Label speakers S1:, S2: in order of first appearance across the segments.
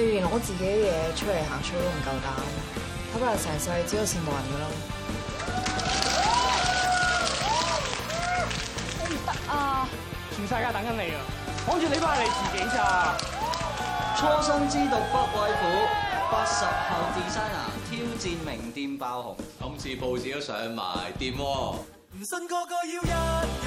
S1: 既然攞自己嘢出嚟、啊啊啊欸、行出都唔夠膽，睇怕成世只有四個人噶咯。得唔得啊？全世界等緊你啊！攬住你翻你。你你你自己咋，初生之犢，不畏虎，八十後 designer！挑戰名店
S2: 爆紅，今次報紙都上埋店喎。
S3: 唔、啊、信個個要人。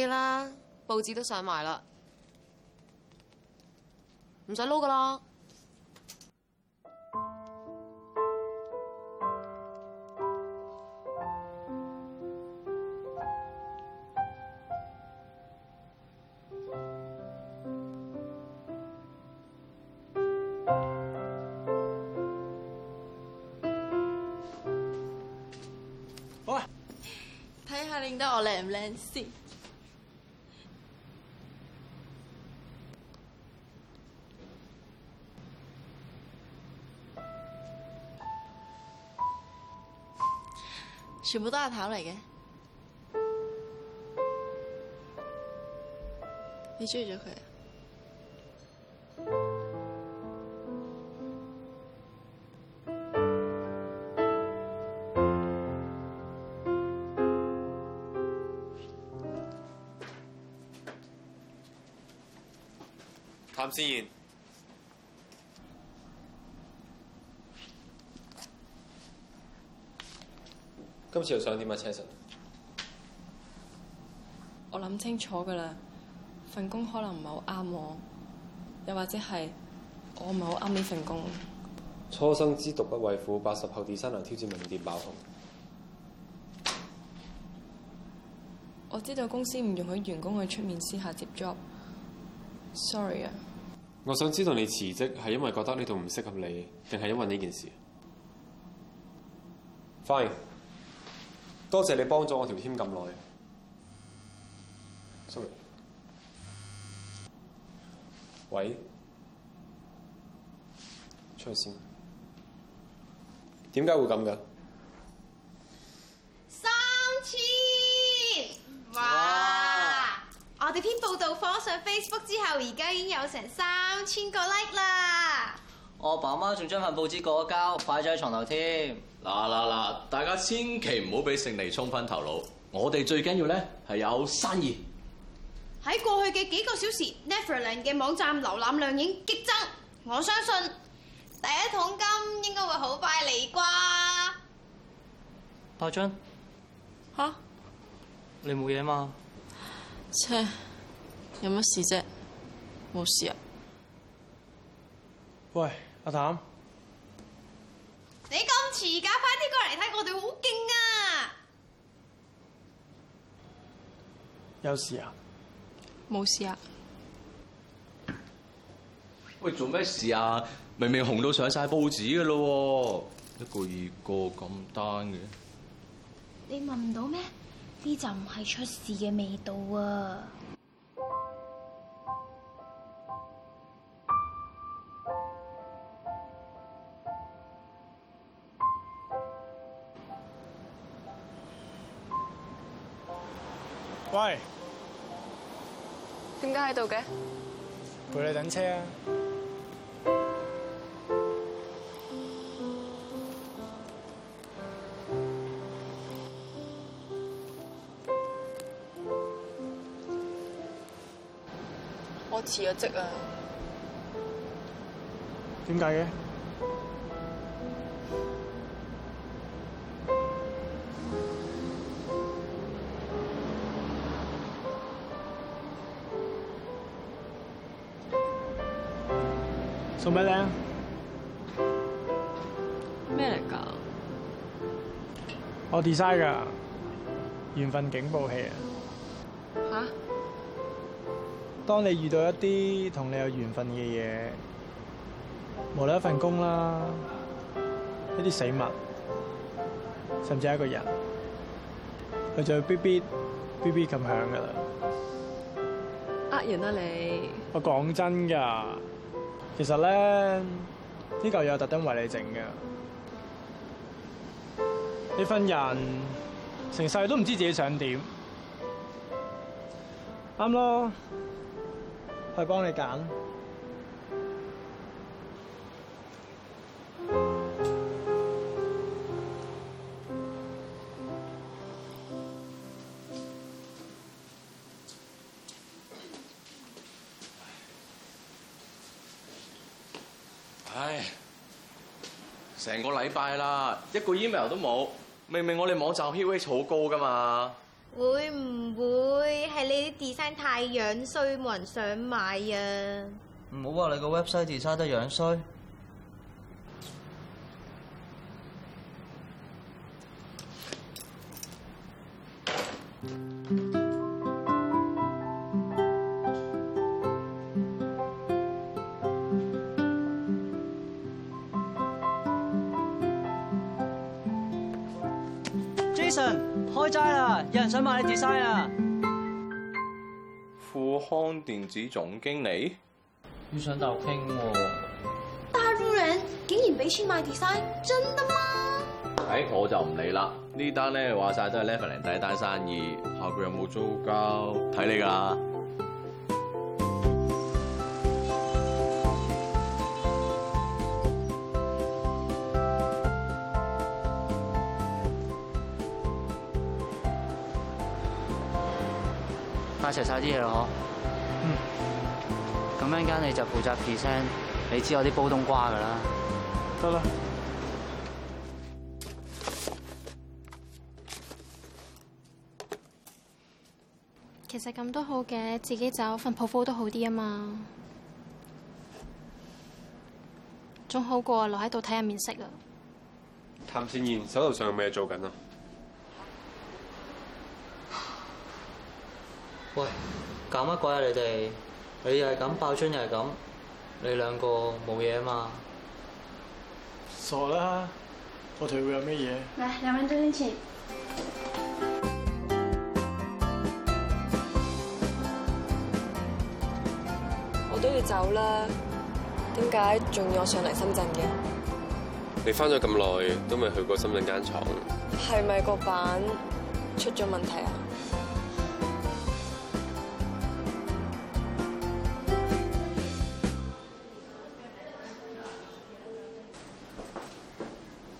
S1: 啲啦，報紙都上埋啦，唔使撈噶啦。好啊，睇下令得我靚唔靚先。全部都係氹嚟嘅，你追咗佢啊？
S3: 譚思燕。今次又想點啊，Chris？
S1: 我諗清楚噶啦，份工可能唔係好啱我，又或者係我唔係好啱呢份工。
S3: 初生之犢不畏虎，八十後第三輪挑戰名店爆紅。
S1: 我知道公司唔容許員工去出面私下接 job，sorry 啊。
S3: 我想知道你辭職係因為覺得呢度唔適合你，定係因為呢件事？Fine。多謝你幫咗我條添咁耐。Sorry。喂，出去先。點解會咁㗎？
S1: 三千。哇！哇，我哋篇報導放上 Facebook 之後，而家已經有成三千個 like 啦。我爸媽仲將份報紙過咗膠擺咗喺床頭添。嗱嗱嗱！大家
S2: 千祈唔好俾勝利沖昏頭腦，我哋最緊要咧係有生意。
S1: 喺過去嘅幾個小時，Neverland 嘅網站瀏覽量已經激增，我相信第一桶金應該會好快嚟啩。阿俊，吓、啊？你冇嘢嘛？切，有乜事啫？冇事啊。喂。阿譚，你咁遲家快啲過嚟睇我哋好勁啊！
S2: 有事啊？
S1: 冇事啊？
S2: 喂，做咩事啊？明明紅到上晒報紙噶咯，一個二個咁單嘅，
S1: 你聞唔到咩？呢就唔係出事嘅味道啊！車，我辭咗職啊！
S3: 點解嘅？送俾你啊！
S1: 咩
S3: 嚟噶？我 design 噶，緣分警報器啊？
S1: 吓？
S3: 當你遇到一啲同你有緣分嘅嘢，無論一份工啦，一啲死物，甚至係一個人，佢就會嗶嗶嗶嗶咁響噶啦！
S1: 呃人啊你！
S3: 我講真噶。其實呢，呢嚿嘢係特登為你整㗎。呢份人成世都唔知自己想點，啱咯， 去幫你揀。
S2: 快啦，一個 email 都冇，明明我哋網站 hit rate 好高㗎嘛，
S3: 會唔會係你啲 design 太樣衰，冇人想買啊？
S1: 唔好話你個 website design 得樣衰？嗯買 design 啊，
S2: 富康電子總經理，你想鬥傾喎？但係
S1: 大陸佬竟然俾錢買 design，真的嗎？
S2: 哎，我就唔理啦。這單呢單咧話晒都係 Neverland 第一單生意，下個月有冇租交睇你噶。
S1: 一食晒啲嘢咯，嗯，咁一間你就負責 present，你知我啲煲冬瓜噶啦，得啦。其實咁都好嘅，自己找份泡 r 都好啲啊嘛，仲好過留喺度睇下面色啊。
S3: 譚倩然，手頭上有咩做緊啊？
S1: 喂，搞乜鬼啊你哋？你又係咁爆樽，又係咁，你兩個冇嘢啊嘛？
S3: 傻啦，我哋會有咩嘢？
S1: 來，兩分鐘先生。我都要走啦，點解仲要我上嚟深圳嘅？
S3: 你翻咗咁耐，都未去過深圳間廠？
S1: 係咪個版出咗問題啊？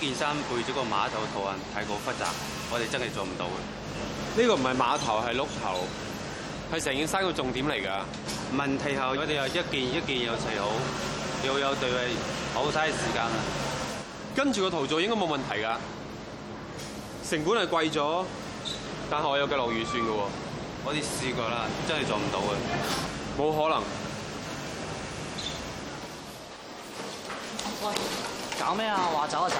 S3: 件衫背住個碼頭圖案，太過複雜，我哋真係做唔到嘅。呢個唔係碼頭，係碌頭，係成件衫個重點嚟噶。問題係我哋又一件一件又齊好，又有對位，好嘥時間啊！跟住個圖做應該冇問題噶，成本係貴咗，但係我有計落預算噶。我哋試過啦，真係做唔到嘅，冇可能。
S2: 喂。
S3: 搞咩啊？話走就走，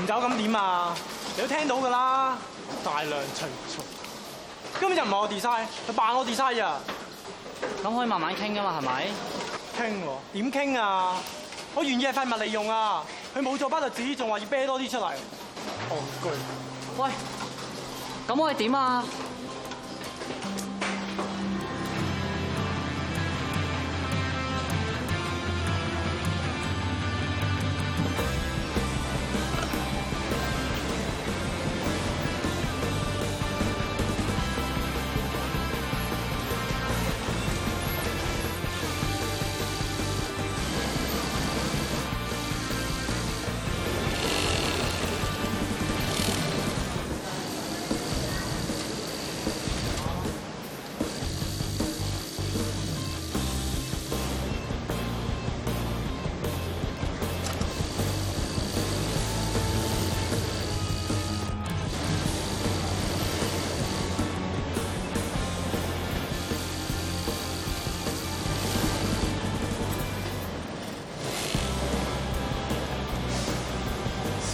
S3: 唔走咁點啊？你都聽到噶啦，大量拆除，根本就唔係我 design，佢扮我 design 啊！咁可以慢慢傾噶嘛，係咪？傾喎？點傾啊？我原意係廢物利用啊，佢冇做筆頭紙，仲話要啤多啲出嚟。憨
S1: 居。喂，咁我係點啊？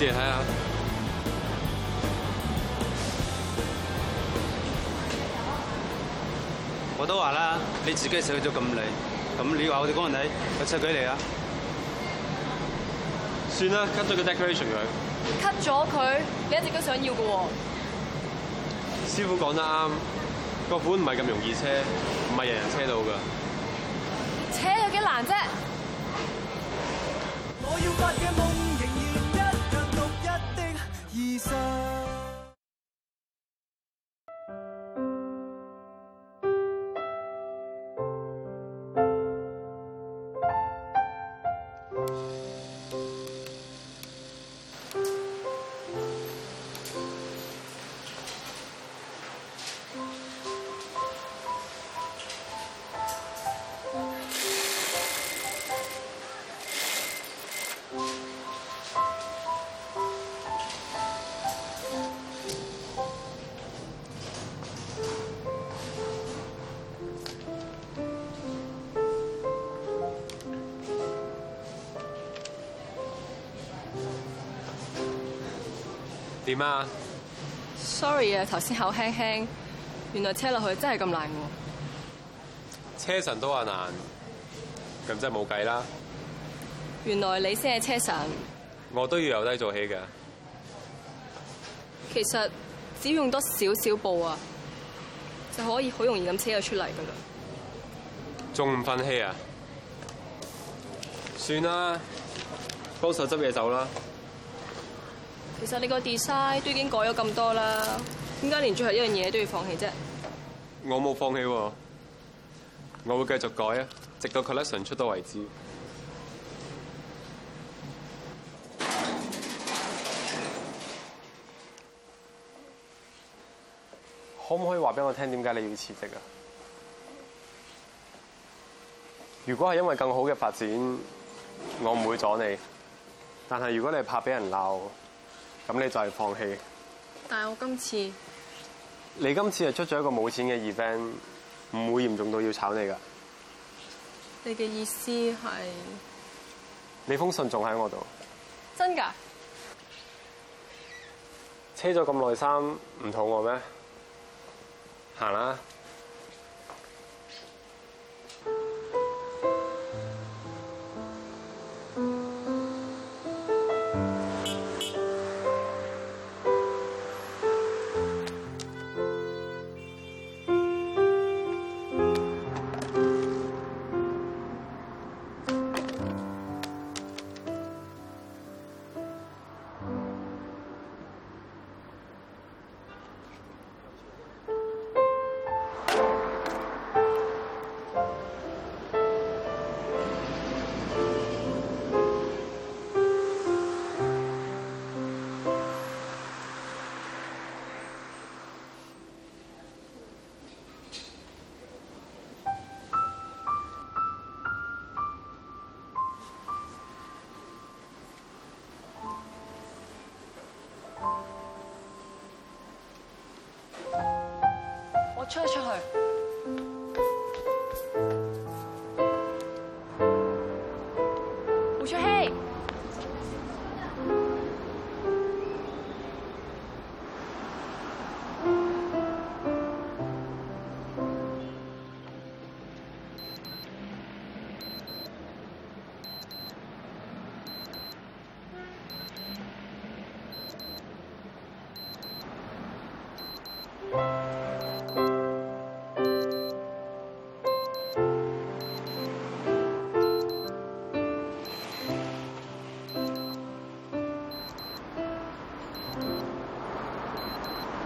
S2: 你睇下，
S3: 我都話啦，你自己寫到咁離，咁你話我哋講人哋，我車幾離啊？算啦，cut 咗個 decoration 佢。
S1: cut 咗佢，你一直都想要嘅喎。
S3: 師傅講得啱，個款唔係咁容易車，唔係人人車到㗎。車有幾難啫？點啊
S1: ？Sorry 啊，頭先口輕輕，原來車落去真係咁難喎
S3: 啊。車神都話難，咁真係冇計啦。
S1: 原來你先係車神。
S3: 我都要由低做起噶。
S1: 其實只要用多少少步啊，就可以好容易咁車咗出嚟噶啦。
S3: 仲唔分氣啊？算啦，幫手執嘢走啦。
S1: 其實你個 design 都已經改咗咁多啦，點解連最後一樣嘢都要放棄啫？
S3: 我冇放棄，我會繼續改啊，直到 collection 出到為止。可唔可以話俾我聽，點解你要辭職啊？如果係因為更好嘅發展，我唔會阻你。但係如果你係怕俾人鬧。咁你就係放棄。
S1: 但係我今次，
S3: 你今次係出咗一個冇錢嘅 event，唔會嚴重到要炒你噶。
S1: 你嘅意思係？
S3: 你封信仲喺我度。
S1: 真㗎？
S3: 車咗咁耐衫，唔肚餓咩？行啦。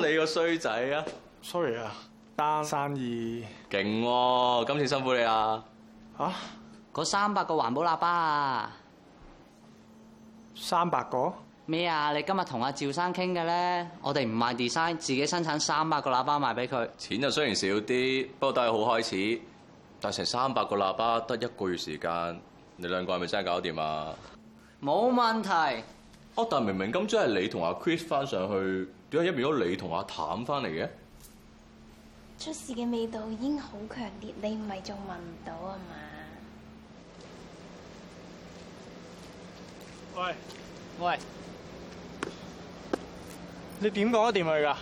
S2: 得你個衰仔啊！Sorry 啊，單生意勁喎，今次辛苦你啊嚇。
S1: 嗰三百個環保喇叭啊，三百個咩啊？你今日同阿趙生傾嘅咧，
S2: 我哋唔賣 design，自己生產三百個喇叭賣俾佢。錢就雖然少啲，不過都係好開始。但成三百個喇叭得一個月時間，你兩個係咪真係搞掂啊？
S1: 冇問題。哦、
S2: 啊，但明明今朝係你同阿 Chris 翻上去。如果一秒，都你同阿譚翻嚟嘅。
S1: 出事嘅味道已經好強烈，你唔係仲聞唔到啊嘛？
S3: 喂喂，
S1: 你點講得掂佢噶？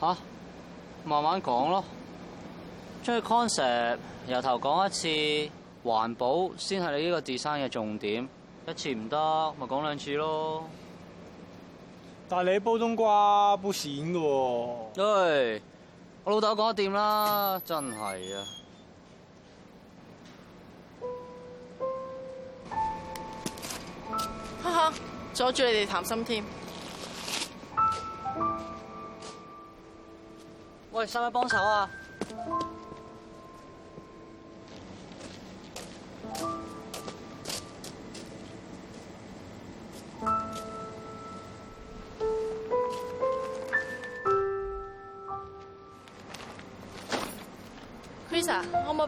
S1: 吓、啊，慢慢講咯。將個 concept 由頭講一次，環保先係你呢個 design 嘅重點。一次唔得，咪講兩次咯。但係你煲冬瓜煲線嘅喎，對，我老豆講得掂啦，真係啊！哈哈，阻住你哋談心添。喂，三杯幫手啊！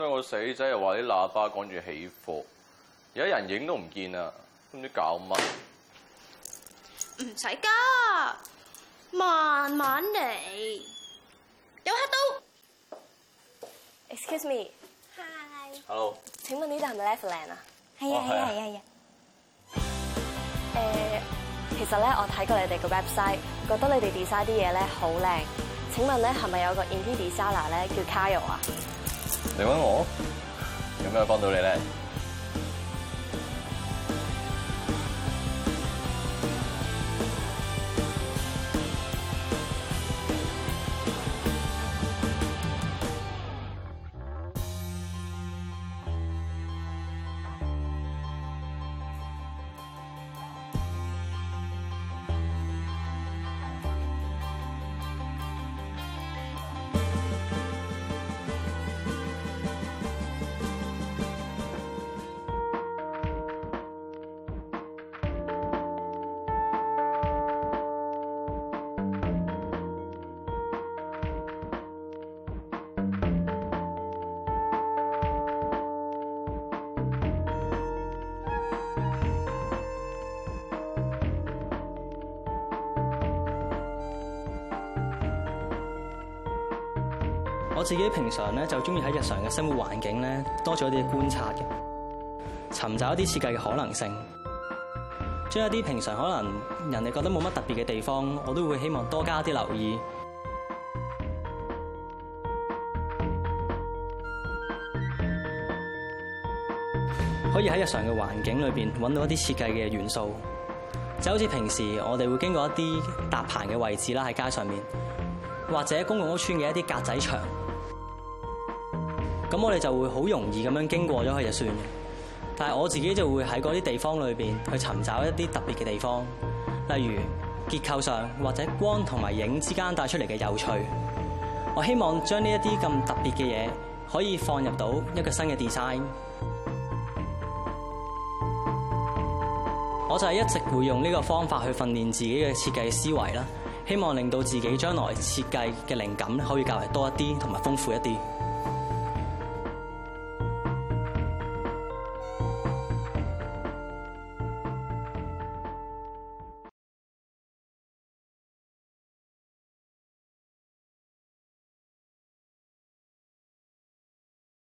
S2: 因我死仔又話啲喇叭講住起伏，有人影都唔見啦，都唔知搞乜。唔
S1: 使交，慢慢嚟。有黑都。Excuse me Hi. 是是是。Hi。啊、
S2: Hello、
S1: uh,。請問呢度係咪 Leftland 啊？
S2: 係啊，
S1: 係啊！誒，其實咧我睇過你哋嘅 website，覺得你哋 design 啲嘢咧好靚。請問咧係咪有一個 independent 沙拉咧叫 Carol 啊？
S2: 你揾我有咩幫到你咧？
S1: 我自己平常咧就中意喺日常嘅生活環境咧多咗啲觀察嘅，尋找一啲設計嘅可能性，將一啲平常可能人哋覺得冇乜特別嘅地方，我都會希望多加啲留意，可以喺日常嘅環境裏邊揾到一啲設計嘅元素，就好似平時我哋會經過一啲搭棚嘅位置啦，喺街上面，或者公共屋邨嘅一啲格仔牆。咁我哋就會好容易咁樣經過咗佢就算嘅。但係我自己就會喺嗰啲地方裏面去尋找一啲特別嘅地方，例如結構上或者光同埋影之間帶出嚟嘅有趣。我希望將呢一啲咁特別嘅嘢可以放入到一個新嘅 design。我就係一直會用呢個方法去訓練自己嘅設計思維啦，希望令到自己將來設計嘅靈感可以較為多一啲，同埋豐富一啲。